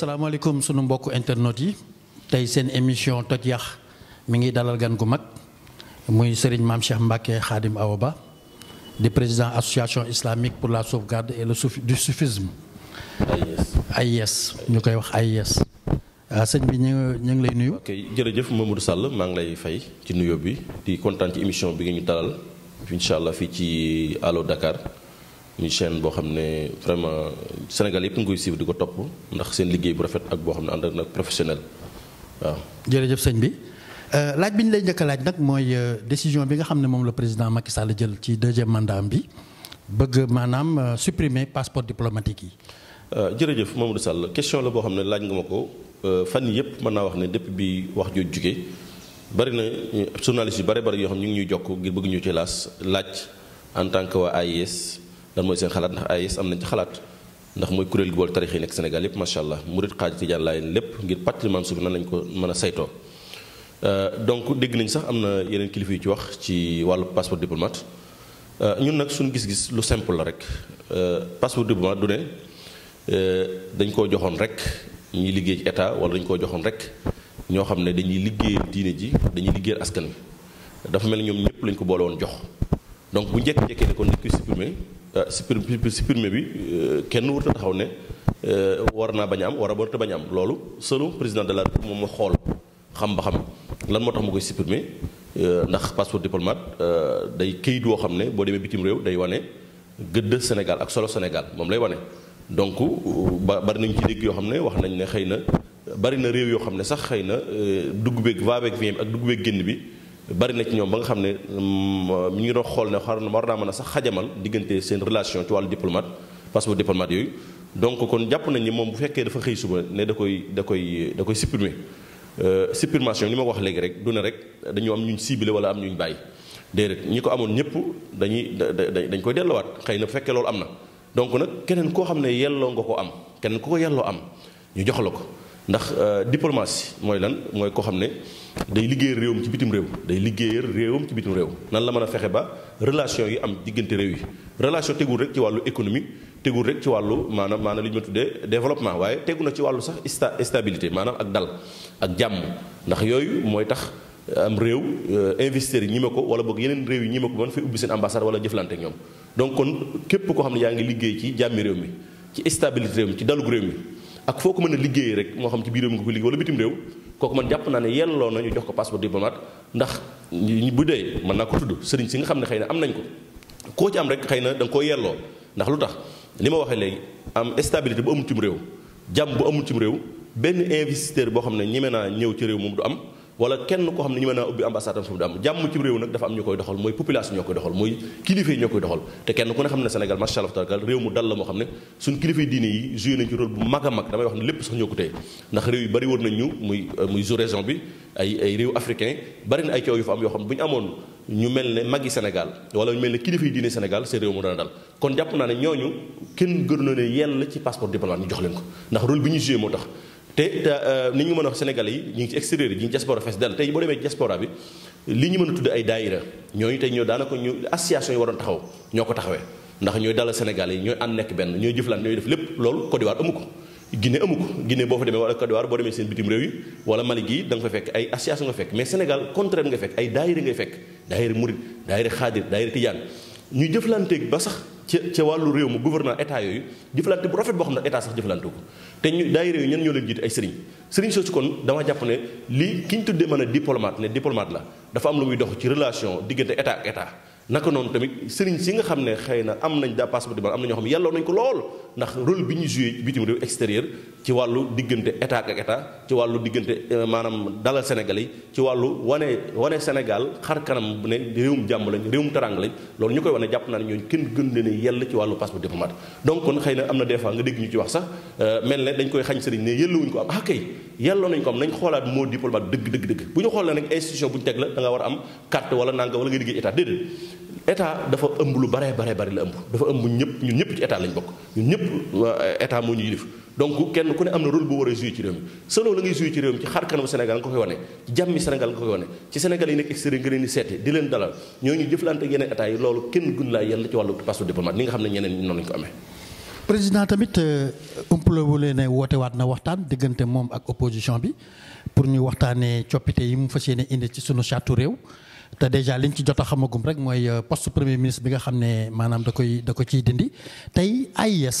salaamaaleykum sunu mbokk internet yi tey seen émission toj yax mi ngi dalal gan gu mag muy Serigne maam Cheikh Mbacké Khadim Awa Ba di président association islamique pour la sauvegarde et le du ay AIS ñu koy wax AIS ah, sëñ bi ñu ñu ngi lay nuyu. ok jërëjëf Mamadou Sall maa ngi lay fay ci nuyoo bi di kontaan ci émission bi nga ñu dalal incha allah fii ci Allo Dakar. ñuy chaîne boo xam ne vraiment Sénégal yëpp nga koy suivre di ko topp ndax seen liggéey bu rafet ak boo xam ne ànd ak nag professionnel waaw. jërëjëf sëñ bi euh, laaj bi ñu lay njëkk a laaj nag mooy euh, décision bi nga xam ne moom la président Macky Sall jël ci deuxième mandat bi bëgg maanaam euh, supprimer passeport diplomatique yi. jërëjëf Mamadou Sall question la boo xam ne laaj nga ma ko fan yii yëpp mën naa wax ne depuis bi wax jooju jugee bari na journaliste yu bari bari yoo xam ñu ngi ñuy jokk ngir bëgg ñu ci laas laaj en tant que waa AIS. lan mooy seen xalaat ndax AIS am nañ ci xalaat ndax mooy kuréel gi bool tarix yi nekk Sénégal yépp macha allah murit xaaj tijaan laayeen lépp ngir patrimoine suuf nan lañ ko mën a saytoo euh, donc dégg nañ sax am na yeneen kilifa yu ci wax ci wàllu passeport diplomate euh, ñun nag suñu gis-gis lu simple la rek euh, passeport diplomate du ne dañ koo joxoon rek ñuy liggéey ci état wala dañ koo joxoon rek ñoo xam ne dañuy liggéeyal diine ji dañuy liggéeyal askan wi dafa mel ni ñoom ñëpp lañ ko boole jox donc bu njëkk njëkkee ne Euh, supprimer supprimer bi euh, kenn warut a taxaw ne euh, war naa bañ am war a warut a bañ am loolu selon président de la République moom moo xool xam ba xam lan moo tax mu koy supprimer ndax passeport diplomate day këyit woo xam ne boo demee bitim réew day wane gëdd Sénégal ak solo Sénégal moom lay wane. donc ba bari nañu ci dégg yoo xam ne wax nañ ne xëy na bari na réew yoo xam ne sax xëy na dugg beeg vaabeeg fi ak dugg beeg génn bi. bari na ci ñoom ba nga xam ne ñu mm, ngi doon xool ne xar war naa man a sax xajamal diggante seen relation ci wàllu diplomate passeport diplomate yooyu donc kon jàpp nañ ni moom bu fekkee dafa xëy suba ne da koy da koy da koy supprimer euh, supprimation ni ma wax léegi rek du ne rek dañu am ñuñ ciblé wala am ñu bàyyi déedéet ñi ko amoon ñëpp dañuy dañ koy delluwaat xëy na fekkee loolu am na donc nag keneen koo xam ne yelloo nga ko am keneen ku ko yelloo am ñu jox la ko ndax euh, diplomatie mooy lan mooy koo xam ne day liggéeyal réewam ci bitim réew day liggéeyal réewam ci bitim réew nan la mën a fexe ba relation yi am diggante réew yi relation tegul rek ci wàllu économie tegul rek ci wàllu maanaam maanaam li ñu ma tuddee développement waaye tegu na ci wàllu sax sta stabilité maanaam ak dal ak jàmm ndax yooyu mooy tax am réew euh, investisseurs yi ñi ma ko wala boog yeneen réew yi ñi ma ko mën fay ubbi seen ambassade wala jëflante ak ñoom kon képp koo xam ne yaa ngi liggéey ci jàmmi réew mi ci stabilité ci dalug réew mi ak foo ko mën a liggéeyee rek moo xam ci biir réew mi nga ko liggéey wala bitim réew kooku man jàpp naa ne yelloo na ñu jox ko passeport diplomate ndax bu dee man naa ko tudd sëriñ si nga xam ne xëy na am nañ ko koo ci am rek xëy na danga nga koo yelloo ndax lu tax li ma waxee léegi am stabilité bu amul cim réew jàmm bu amul cim réew benn investisseur boo xam ne ñeme naa ñëw ci réew moom du am wala kenn ko xam ne ñu mën a ubbi ambassade am foofu du am jàmm ci réew nag dafa am ñu koy doxal mooy population ñoo koy doxal mooy kilifa yi ñoo koy doxal te kenn ku ne xam ne Sénégal macha allah tabaraka réew mu dal la moo xam ne suñ kilifa diine yi joué nañ ci rôle bu mag a mag damay wax ne lépp sax ñoo ko téye ndax réew yu bari wër nañ ñu muy euh, muy sous-région bi ay ay réew africain bari na ay coow yu fa am yoo xam ne bu ñu amoon ñu mel ne magi Sénégal wala ñu mel ne kilifa yi diine Sénégal seen réew mu dana dal kon jàpp naa ne ñooñu kenn gënu ne yell ci passeport diplomatique ñu jox leen ko ndax rôle bi ñu joué moo tax te ni euh, ñu mën a wax Sénégalais yi ñu ngi ci extérieur yi ñu ngi diaspora fees dal tey boo demee diaspora bi li ñu mën a tudd ay daayira ñooñu tey ñoo daanaka ñu association yi waroon taxaw ñoo ko taxawee ndax ñooy dalal Sénégalais yi ñooy ànd nekk benn ñooy jëflante ñooy def lépp loolu Côte d'Ivoire ko Guinée amu ko Guinée boo fa demee wala boo demee seen bitim réew yi wala Mali gii da fa fekk ay association nga fekk mais Sénégal contraire nga fekk ay daayira ngay ca ca wàllu réew mu gouverneur état yooyu jëflante bu rafet boo xam ne état sax jëflante ko te ñu daay réew ñen ñoo leen jiite ay sëriñ sëriñ soosu kon dama jàpp ne li ki ñu tuddee mën a diplomate ne diplomate la dafa am lu muy dox ci relation diggante état ak état naka noonu tamit sëriñ si nga xam ne xëy na am nañ daa passeport diplomat am na ñoo xam ne yelloo nañ ko lool ndax rôle bi ñu joué bitim réew extérieur ci wàllu diggante état ak ci wàllu diggante euh, maanaam dalal Sénégalais yi ci wàllu wane wane Sénégal xar kanam ne réewum jàmm lañ réewum tarang lañ loolu ñu koy wane jàpp naa ne ñooñu kenn gën a yell ci wàllu passeport diplomate donc kon xëy na am na des fois nga dégg ñu ci wax sax euh, mel ne dañ koy xañ sëriñ ne yelluwuñ ko am ah kay yelloo nañ ko xoolaat moo diplomate dëgg dëgg dëgg bu ñu xoolee nag institution bu ñu teg la da nga war a am carte wala nanga wala nga liggéey état dafa ëmb lu bare bare bari la ëmb dafa ëmb ñëpp ñun ñëpp ci état lañ bokk ñun ñëpp état moo ñu yilif donc kenn ku ne am na rôle bu war a joué ci réew mi sa loolu la ngay joué ci réew mi ci xar kanamu Sénégal nga koy wane ci jàmmi Sénégal nga koy wane ci Sénégal yi nekk extérieur nga leen di ni nga xam ne ñeneen noonu lañ ko amee président tamit euh, umpalewulee ne woote waat na waxtaan diggante moom ak opposition bi pour ñu waxtaanee coppite yi mu fas yéene indi ci sunu charte réew te déjà liñ ci jot a xamagum rek mooy euh, poste premier ministre bi nga xam ne maanaam da koy da ko ciy dindi tey AIS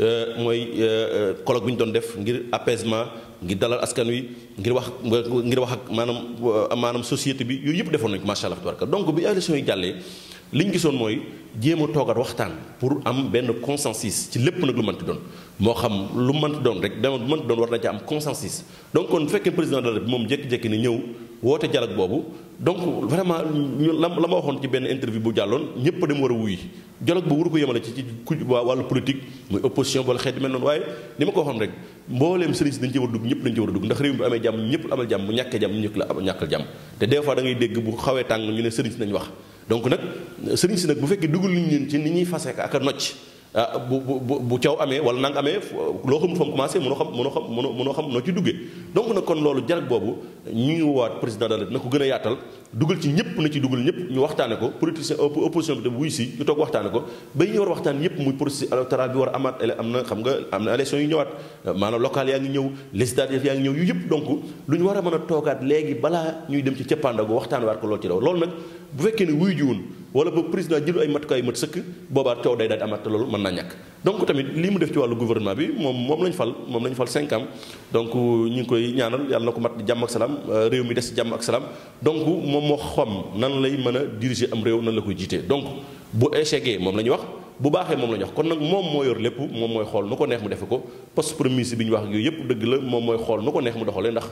Euh, mooy euh, euh, colloque bi ñu doon def ngir apaisement ngir dalal askan wi ngir wax ngir wax ak maanaam maanaam société bi yooyu yëpp defoon nañu ko la allah tabaraka donc bi élection yi jàllee li ñu gisoon mooy jéem a toogaat waxtaan pour am benn consensus ci lépp nag lu mënti doon moo xam lu mënti doon rek dama lu mënti doon war na ci am consensus donc kon bu fekkee président de la moom jékki-jékki ne ñëw woote dialogue boobu. donc vraiment ñun la la ma waxoon ci benn interview bu jàlloon ñëpp dem war a wuy dialogue ba wuru ko yemale ci ci ku wàllu politique muy opposition wala xeet yu mel noonu waaye ni ma ko waxoon rek mbooleem sëriñ si dañ ci war a dugg ñëpp dañ ci war a dugg ndax réew mi bu amee jàmm ñëpp la amal jàmm bu ñàkkee jàmm ñëpp la ñàkkal jàmm te des fois da ngay dégg bu xawee tàng nag sëriñ si nag bu fekkee dugal nañ leen ci ni ñuy fase ak a nocc ah bu bu bu caw amee wala nang amee loo xamul fa mu commencé mënoo xam mënoo xam mënoo xam noo ci duggee donc na kon loolu jarag boobu ñu ngi woowaat président de la na ko gën a yaatal dugal ci ñëpp na ci dugal ñëpp ñu waxtaane ko politicien opposition bi tam wuy si ñu toog waxtaane ko ba ñu war waxtaan yëpp muy processus électoral bi war a amaat am na xam am na élection yu ñëwaat maanaam local yaa ngi ñëw législative yaa ngi ñëw yu yëpp donc lu ñu war a mën a toogaat léegi balaa ñuy dem ci cappaandagu waxtaan waat ko loolu ci daw loolu nag bu fekkee ne wuy ji woon wala ba président jëlu ay matukaay yu mat sëkk boobaa coow day daal di amaat loolu mën naa ñàkk donc tamit lii mu def ci wàllu gouvernement bi moom moom lañu fal moom lañ fal cinq ans donc ñu ngi koy ñaanal yàlla na ko mat jàmm ak salaam euh, réew mi des jàmm ak salaam donc moom moo xam nan lay mën a diriger am réew nan la koy jiitee donc bu échecgee moom la ñu wax bu baaxee moom la ñu wax kon nag moom moo yor lépp moom mooy xool nu ko neex mu defe ko poste premier bi ñu wax yëpp dëgg la moom mooy xool nu ko neex mu doxalee ndax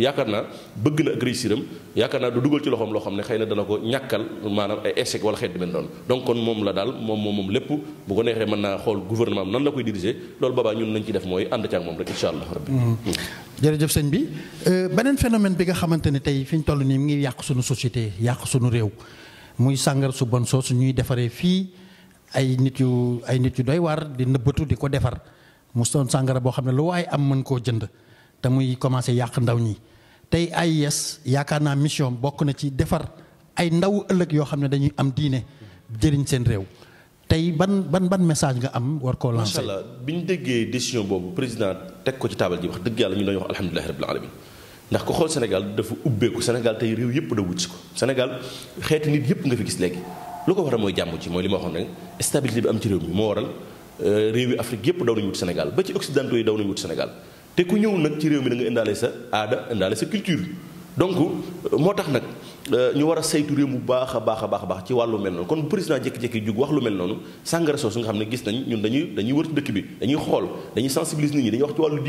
yaakaar naa bëgg na ak réussir am yaakaar naa du dugal ci loxoom loo xam ne xëy na dana ko ñàkkal maanaam ay échec wala xeet mel noonu moom la daal moom moom moom lépp bu ko neexee mën naa xool gouvernement am nan la koy diriger loolu boobaa ñun nañ ci def mooy ànd ci moom rek incha allah rabbi mm. jërëjëf sëñ bi euh, beneen phénomène bi ne tey fi ñu toll ngi yàq suñu société yàq suñu réew fii ay nit yu ay nit yu doy waar di nëbbatu di ko defar mu son sàngara boo xam ne lu waaye am mën koo jënd te muy commencé yàq ndaw ñi tey ay yes yaakaar naa mission bokk na ci defar ay ndaw ëllëg yoo xam ne dañuy am diine jëriñ seen réew tey ban ban ban message nga am war koo lancer. macha bi ñu déggee décision boobu président teg ko ci taabal ji wax dëgg yàlla ñu doon wax alhamdulilah rabbil alamin ndax ko xool Sénégal dafa ubbeeku Sénégal tey réew yëpp da wut ko Sénégal xeeti nit yëpp nga fi gis léegi. lu ko waral mooy jàmm ci mooy li ma waxoon rek stabilité bi am ci réew mi moo waral euh, réew yi Afrique yépp daw nañu wut Sénégal ba ci occidentaux yi daw nañu wut Sénégal te ku ñëw nag ci réew mi da nga indaale sa aada indaale sa culture donc euh, moo tax nag euh, ñu war a saytu réew mu baax a baax a baax a baax ci wàllu mel noonu kon bu président jékki-jékki jug wax lu mel noonu sàngara soosu nga xam ne gis nañ ñun dañuy dañuy wër dëkk bi dañuy xool dañuy sensibiliser nit ñi dañuy wax ci wàllu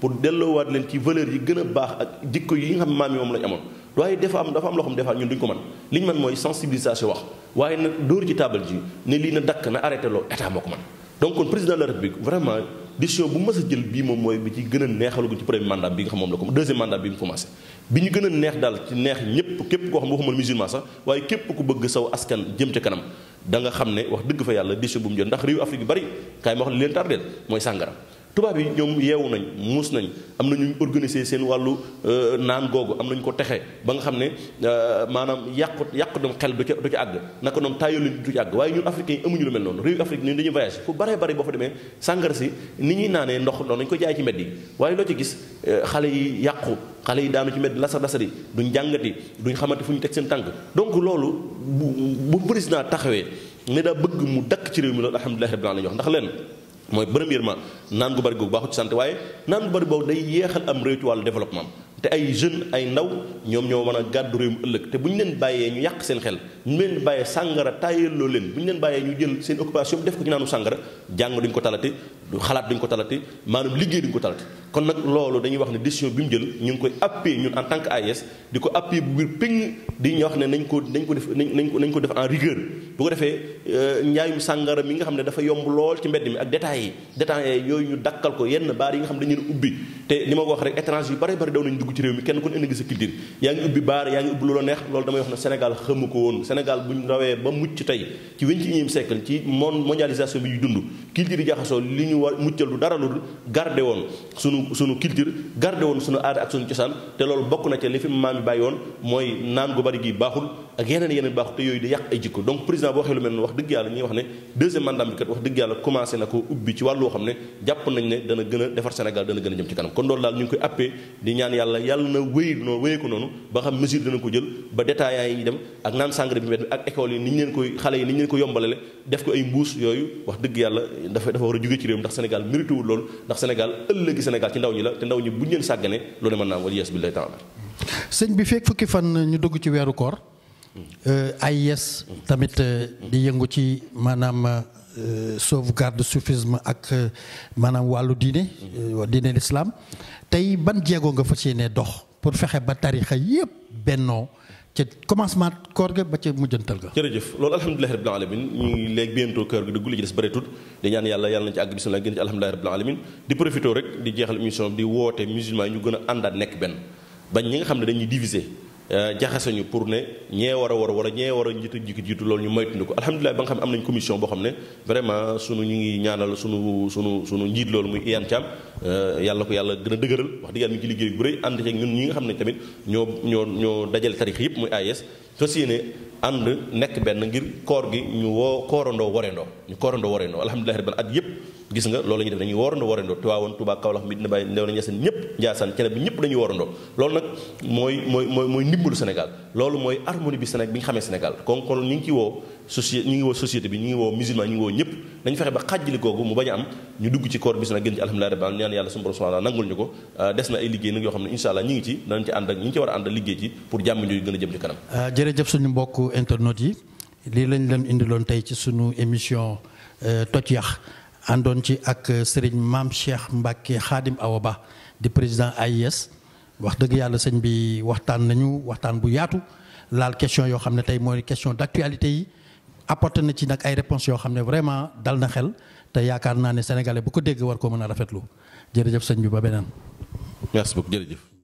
pour delloowaat leen ci valeurs yi gën a baax ak jikko yi nga xam ne maam amoon waaye dafa am dafa am loo xam defa ñun duñ ko mën li ñu mën mooy sensibilisation wax waaye nag dóor ci taabal ji ne lii na dakk na arrêté loo état moo ko mën donc kon président la république bu mës a jël bii moom mooy bi ci gën a ci premier mandat bi nga xam moom la ko deuxième mandat bi mu commencé bi ñu gën a neex daal ci neex ñëpp képp koo xam waaye képp ku bëgg saw askan jëm ca kanam da nga xam ne wax dëgg fa yàlla décision bu mu jël ndax réew Afrique yu bari kaay ma wax li leen tardeel mooy sàngara tubaab yi ñoom yeewu nañ muus nañ am na ñu organiser seen wàllu euh, naan googu am nañ ko texe ba nga xam ne euh, maanaam yàqu yàqu dem xel du ca du ca àgg naka noonu taayoo lañ du ca àgg waaye ñu africains yi amuñu lu mel noonu réew Afrique ñun dañuy voyage fu baree bari boo fa demee sàngara si ni ñuy naanee ndox noonu dañ ko jaay ci mbedd yi waaye loo ci gis euh, xale yi yàqu xale yi daanu ci mbedd lasar lasari duñ jàngati duñ xamante fu ñu teg seen tànk donc loolu bu bu président taxawee ne daa bëgg mu dakk ci réew mi loolu alhamdulilah rabbil alamin wax ndax leen mooy premièrement naan gu bari googu baaxut ci santé waaye naan gu bari boobu day yéexal am réew ci wàllu développement te ay jeunes ay ndaw ñoom ñoo mën a gàddu réew mu ëllëg te bu ñu leen bàyyee ñu yàq seen xel ñu leen bàyyee sàngara tàyyelloo leen bu ñu leen bàyyee ñu jël seen occupation def ko ci naanu sàngara jàng duñ ko talate du xalaat duñ ko talati maanaam liggéey duñ ko talati kon nag loolu dañuy wax ne décision bi mu jël ñu ngi koy appuyé ñun tant que AIS di ko appuyé bu biir péng di ñu wax ne nañ ko nañ ko def nañ ko nañ ko def en rigueur bu ko defee euh, njaayum sàngara mi nga xam ne dafa yomb lool ci mbedd mi ak détails yi détails yooyu ñu dakkal ko yenn baar yi nga xam ne dañu leen ubbi te li ma ko wax rek étranger yu bari bari daw nañu dugg ci réew mi kenn ku ne indi sa culture yaa ngi ubbi baar yaa ngi ubbi loola neex loolu damay wax ne Sénégal xamu ko woon Sénégal buñ rawee ba mucc tey ci vingt-et-unième siècle ci mon mondialisation bi ñu dund culture yi jaxasoo li ñu war muccal du dara lu garde woon sunu sunu culture garde woon sunu aada ak sunu cosaan te loolu bokk na ca li fi maam yi bàyyi woon mooy naan gu bari gi baaxul ak yeneen yeneen baax te yooyu di yàq ay jikko donc président boo waxee lu mel noonu wax dëgg yàlla ñuy wax ne deuxième mandat bi kat wax dëgg yàlla commencé na ko ubbi ci wàllu xam ne jàpp nañ ne dana gën a defar Sénégal dana gën a jëm ci kanam kon loolu daal ñu koy appee di ñaan yàlla yàlla na wéy noonu ba xam mesure dana ko jël ba détaillants yi dem ak naan sangre bi met ak école yi ni ñu leen koy xale yi ni ñu leen ko yombalale def ko ay mbuus yooyu a jóge ci réew ndax Sénégal la te ndaw ñi buñ leen sàggane loolu mën naa am weeru koor ay euh, AIS tamit euh, di yëngu ci maanaam euh, sauvegarde soufisme ak maanaam wàllu diine diine l'islam tey ban jéego nga fas yéene dox pour fexe ba tarixa yépp bennoo ca commencement koor ga ba ca mujjantal ga jërëjëf loolu alhamdulilahi rabbil alamin ñu ngi léegi bientôt koor gi dugg li ci des bëreetul di ñaan yàlla yàlla na ci àgg bisimilah gën ci alhamdulilahi rabbil alamin di profité rek di jeexal émission bi di woote musulman yi ñu gën a àndaat nekk benn bañ ñi nga xam ne dañuy diviser Euh, jaxasuñu pour ne ñee war a war a war a ñee war a jiitu jiitu loolu ñu moytuñu ko alhamdulilah ba nga xam ne am nañ commission boo xam ne vraiment su ñu ngi ñaanal sunu sunu sunu njiit loolu muy Iyane Thiam euh, yàlla ko yàlla gën a dëgëral wax dëgg yàlla mi ngi ci liggéey bu rëy ànd ceeg ñun ñi nga xam ne tamit ñoo ñoo ñoo dajale tarix yëpp muy AIS fas yéene ànd nekk benn ngir koor gi ñu woo koorandoo warendoo ñu koorandoo warendoo alhamdulilah rabbil at yëpp gis nga loolu la ñuy def dañuy woorandoo woorandoo Tiwaawoon Tuubaa Kawlax Medina Baay Léona Niassène ñëpp Njaasaan Cene bi loolu mooy mooy mooy mooy ndimbalu Sénégal loolu mooy harmonie bi Sénégal bi ngi ci woo socie ñu woo société bi ñu ngi woo musulman ñu ngi am ñu dugg ci koor bi nag gën ci alhamdulilah rabbil ko euh, des na ay liggéey nag ne insha allah ñu ngi ci a ànd ak liggéey ci pour jàmm jooju gën a jëm ci kanam euh, jërëjëf suñu mbokk internautes yi lii lañ leen indiloon tey ci suñu émission euh, toj yax àndoon ci ak serigne mam Cheikh mbake Khadim awaba di président AIS wax deug yalla serigne bi waxtan nañu waxtan bu yaatu laal question yo xam tay moy question d'actualité yi apporté na ci nak ay réponses yo xam vraiment dal na xel te yaakar na ne sénégalais bu ko dégg war ko mëna a rafetlu jërëjëf sëñ bi ba benen merci beaucoup jërëjëf.